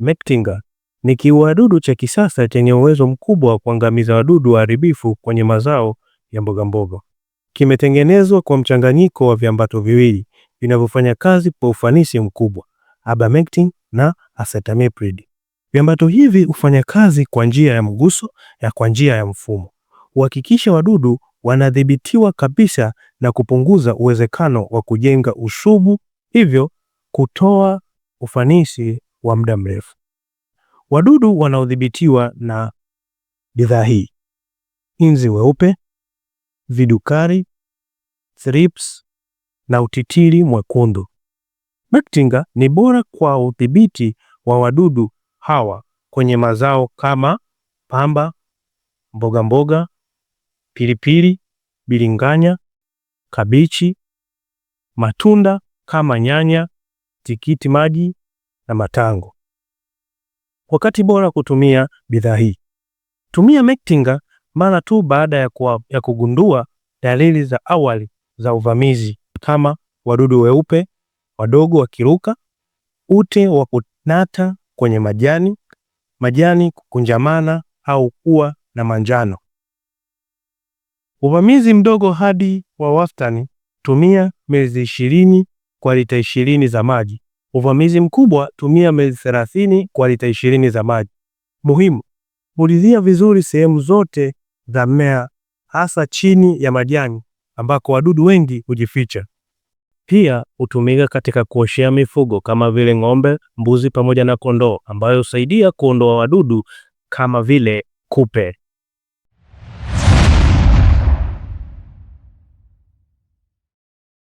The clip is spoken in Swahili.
Mectinga ni kiuadudu cha kisasa chenye uwezo mkubwa wa kuangamiza wadudu waharibifu kwenye mazao ya mbogamboga. Kimetengenezwa kwa mchanganyiko wa viambato viwili vinavyofanya kazi kwa ufanisi mkubwa, abamectin na acetamiprid. Viambato hivi hufanya kazi kwa njia ya mguso na kwa njia ya mfumo, huhakikisha wadudu wanadhibitiwa kabisa na kupunguza uwezekano wa kujenga usubu, hivyo kutoa ufanisi wa muda mrefu. Wadudu wanaodhibitiwa na bidhaa hii: inzi weupe, vidukari, thrips na utitiri mwekundu. Mectinga ni bora kwa udhibiti wa wadudu hawa kwenye mazao kama pamba, mboga mboga, pilipili, biringanya, kabichi, matunda kama nyanya, tikiti maji na matango. Wakati bora kutumia bidhaa hii: tumia Mectinga mara tu baada ya, kwa, ya kugundua dalili za awali za uvamizi kama wadudu weupe wadogo wakiruka, ute wa kunata kwenye majani, majani kukunjamana au kuwa na manjano. Uvamizi mdogo hadi wa wastani: tumia mililita 20 kwa lita 20 za maji Uvamizi mkubwa, tumia mezi 30 kwa lita 20 za maji. Muhimu: pulizia vizuri sehemu zote za mmea, hasa chini ya majani ambako wadudu wengi hujificha. Pia hutumika katika kuoshea mifugo kama vile ng'ombe, mbuzi pamoja na kondoo, ambayo husaidia kuondoa wadudu kama vile kupe.